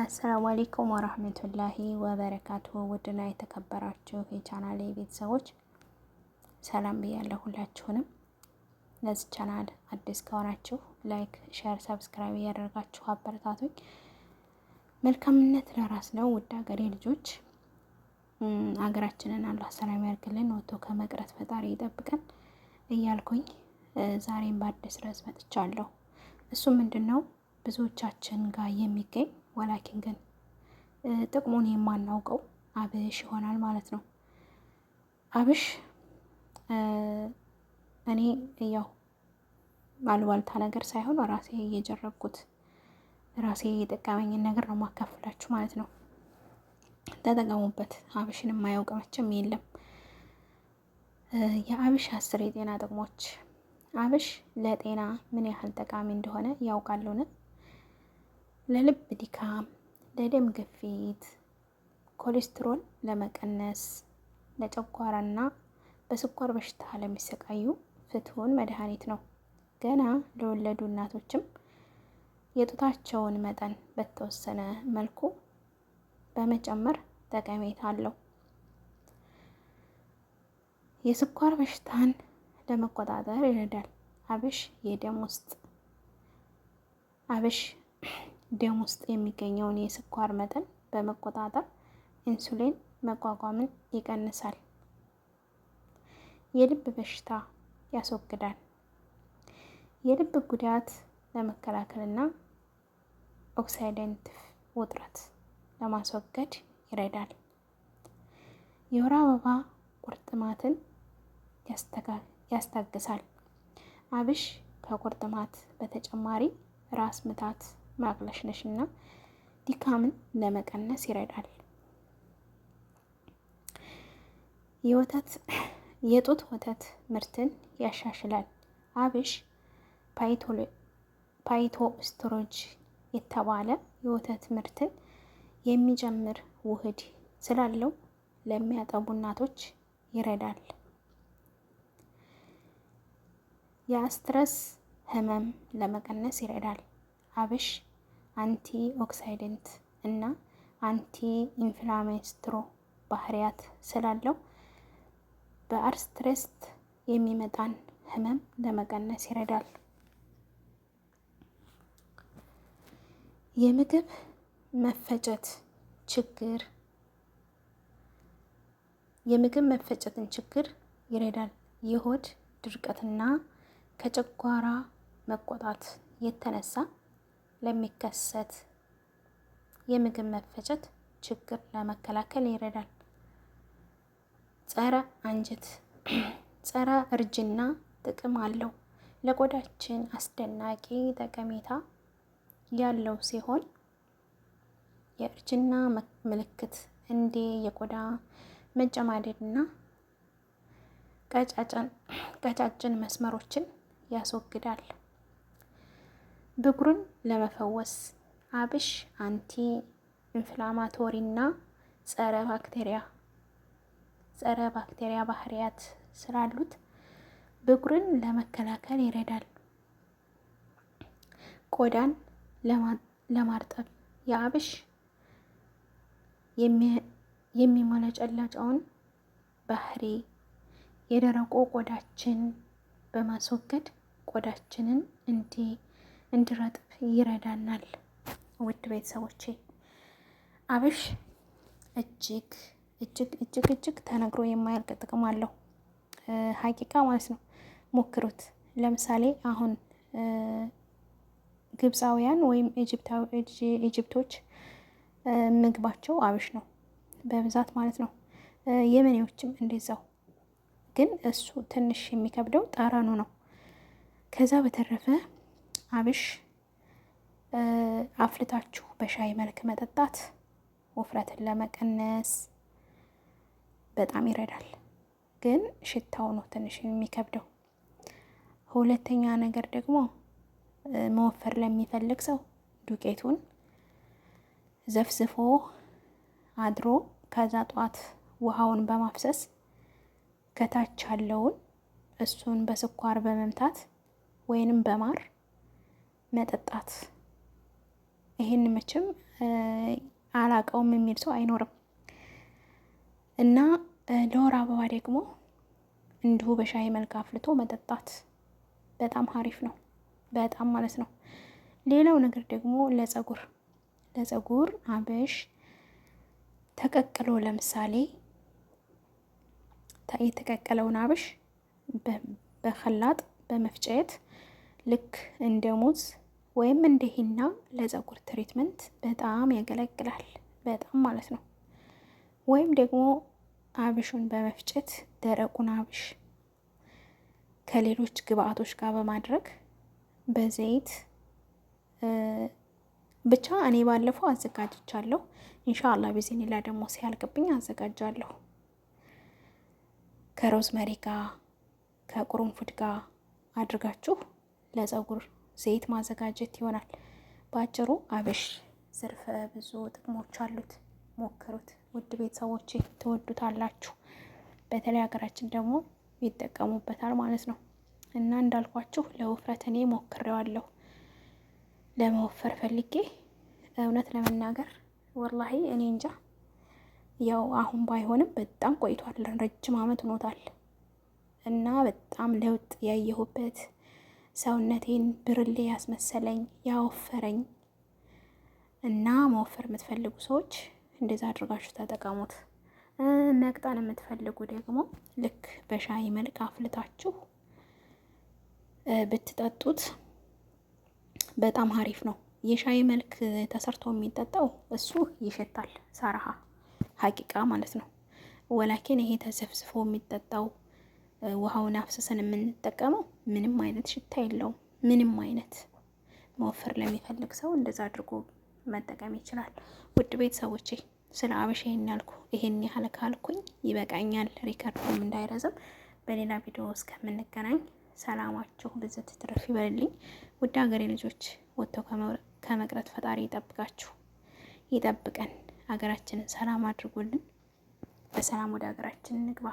አሰላሙ አሌይኩም ወራህመቱላሂ ወበረካቱ። ውድና የተከበራችሁ የቻናሌ ቤተሰቦች ሰላም ብያለሁ ሁላችሁንም። ለዚህ ቻናል አዲስ ከሆናችሁ ላይክ፣ ሼር፣ ሰብስክራይብ እያደረጋችሁ አበረታቶች። መልካምነት ለራስ ነው። ውድ ሀገሬ ልጆች ሀገራችንን አላህ ሰላም ያርግልን፣ ወጥቶ ከመቅረት ፈጣሪ ይጠብቀን እያልኩኝ ዛሬም በአዲስ ርዕስ መጥቻለሁ። እሱ ምንድን ነው ብዙዎቻችን ጋር የሚገኝ ወላኪን ግን ጥቅሙን የማናውቀው አብሽ ይሆናል ማለት ነው። አብሽ እኔ ያው አልባልታ ነገር ሳይሆን ራሴ እየጀረብኩት ራሴ የጠቀመኝን ነገር ነው ማካፍላችሁ ማለት ነው። ተጠቀሙበት። አብሽን የማያውቅ መቼም የለም። የአብሽ አስር የጤና ጥቅሞች። አብሽ ለጤና ምን ያህል ጠቃሚ እንደሆነ ያውቃሉን? ለልብ ድካም፣ ለደም ግፊት፣ ኮሌስትሮል ለመቀነስ፣ ለጨጓራና በስኳር በሽታ ለሚሰቃዩ ፍትሁን መድኃኒት ነው። ገና ለወለዱ እናቶችም የጡታቸውን መጠን በተወሰነ መልኩ በመጨመር ጠቀሜታ አለው። የስኳር በሽታን ለመቆጣጠር ይረዳል። አብሽ የደም ውስጥ አብሽ ደም ውስጥ የሚገኘውን የስኳር መጠን በመቆጣጠር ኢንሱሊን መቋቋምን ይቀንሳል። የልብ በሽታ ያስወግዳል። የልብ ጉዳት ለመከላከልና ኦክሳይደንቲቭ ውጥረት ለማስወገድ ይረዳል። የወር አበባ ቁርጥማትን ያስታግሳል። አብሽ ከቁርጥማት በተጨማሪ ራስ ምታት ማቅለሽለሽ እና ድካምን ለመቀነስ ይረዳል። የወተት የጡት ወተት ምርትን ያሻሽላል። አብሽ ፓይቶ ስትሮጅ የተባለ የወተት ምርትን የሚጨምር ውህድ ስላለው ለሚያጠቡ እናቶች ይረዳል። የአስትረስ ህመም ለመቀነስ ይረዳል። አብሽ አንቲ ኦክሳይደንት እና አንቲ ኢንፍላሜስትሮ ባህሪያት ስላለው በአርስትሬስት የሚመጣን ህመም ለመቀነስ ይረዳል። የምግብ መፈጨት ችግር የምግብ መፈጨትን ችግር ይረዳል። የሆድ ድርቀትና ከጨጓራ መቆጣት የተነሳ ለሚከሰት የምግብ መፈጨት ችግር ለመከላከል ይረዳል። ጸረ አንጀት፣ ጸረ እርጅና ጥቅም አለው። ለቆዳችን አስደናቂ ጠቀሜታ ያለው ሲሆን የእርጅና ምልክት እንዴ የቆዳ መጨማደድና ቀጫጭን መስመሮችን ያስወግዳል። ብጉሩን ለመፈወስ አብሽ አንቲ ኢንፍላማቶሪ እና ጸረ ባክቴሪያ ጸረ ባክቴሪያ ባህሪያት ስላሉት ብጉርን ለመከላከል ይረዳል። ቆዳን ለማርጠብ የአብሽ የሚሞለጨለጨውን ባህሪ የደረቆ ቆዳችን በማስወገድ ቆዳችንን እንዲ እንድረጥብ ይረዳናል። ውድ ቤተሰቦቼ አብሽ እጅግ እጅግ እጅግ እጅግ ተነግሮ የማያልቅ ጥቅም አለው። ሀቂቃ ማለት ነው። ሞክሩት። ለምሳሌ አሁን ግብፃውያን ወይም ኢጅፕቶች ምግባቸው አብሽ ነው በብዛት ማለት ነው። የመኔዎችም እንደዛው፣ ግን እሱ ትንሽ የሚከብደው ጠረኑ ነው። ከዛ በተረፈ አብሽ አፍልታችሁ በሻይ መልክ መጠጣት ውፍረትን ለመቀነስ በጣም ይረዳል። ግን ሽታው ነው ትንሽ የሚከብደው። ሁለተኛ ነገር ደግሞ መወፈር ለሚፈልግ ሰው ዱቄቱን ዘፍዝፎ አድሮ ከዛ ጠዋት ውሃውን በማፍሰስ ከታች ያለውን እሱን በስኳር በመምታት ወይንም በማር መጠጣት። ይህን መቼም አላቀውም የሚል ሰው አይኖርም እና ለወር አበባ ደግሞ እንዲሁ በሻይ መልክ አፍልቶ መጠጣት በጣም ሀሪፍ ነው። በጣም ማለት ነው። ሌላው ነገር ደግሞ ለጸጉር ለጸጉር አበሽ ተቀቅሎ ለምሳሌ የተቀቀለውን አብሽ በከላጥ በመፍጨት ልክ እንደ ሙዝ ወይም እንደ ሂና ለፀጉር ትሪትመንት በጣም ያገለግላል። በጣም ማለት ነው። ወይም ደግሞ አብሹን በመፍጨት ደረቁን አብሽ ከሌሎች ግብአቶች ጋር በማድረግ በዘይት ብቻ እኔ ባለፈው አዘጋጅቻለሁ። ኢንሻአላ ቢዝኒላ ደግሞ ሲያልቅብኝ አዘጋጃለሁ። ከሮዝመሪ ጋር ከቁርንፉድ ጋር አድርጋችሁ ለፀጉር ዘይት ማዘጋጀት ይሆናል። በአጭሩ አብሽ ዘርፈ ብዙ ጥቅሞች አሉት። ሞክሩት ውድ ቤተሰቦቼ፣ ትወዱታላችሁ። በተለይ ሀገራችን ደግሞ ይጠቀሙበታል ማለት ነው እና እንዳልኳችሁ ለውፍረት እኔ ሞክሬዋለሁ። ለመወፈር ፈልጌ እውነት ለመናገር ወላሂ እኔ እንጃ ያው አሁን ባይሆንም በጣም ቆይቷል፣ ረጅም አመት ሆኖታል እና በጣም ለውጥ ያየሁበት ሰውነቴን ብርሌ ያስመሰለኝ ያወፈረኝ እና መወፈር የምትፈልጉ ሰዎች እንደዛ አድርጋችሁ ተጠቀሙት። መቅጠን የምትፈልጉ ደግሞ ልክ በሻይ መልክ አፍልታችሁ ብትጠጡት በጣም አሪፍ ነው። የሻይ መልክ ተሰርቶ የሚጠጣው እሱ ይሸታል፣ ሰርሃ ሀቂቃ ማለት ነው። ወላኪን ይሄ ተዘፍዝፎ የሚጠጣው ውሃውን አፍስሰን የምንጠቀመው ምንም አይነት ሽታ የለውም። ምንም አይነት መወፈር ለሚፈልግ ሰው እንደዛ አድርጎ መጠቀም ይችላል። ውድ ቤተሰቦቼ ስለ አበሻ ይህን ያልኩ ይሄን ያህል ካልኩኝ ይበቃኛል። ሪከርዱም እንዳይረዝም በሌላ ቪዲዮ እስከምንገናኝ ሰላማችሁ ብዝት ትርፍ ይበልልኝ። ውድ ሀገሬ ልጆች ወጥተው ከመቅረት ፈጣሪ ይጠብቃችሁ፣ ይጠብቀን። ሀገራችንን ሰላም አድርጎልን በሰላም ወደ ሀገራችን እንግባ።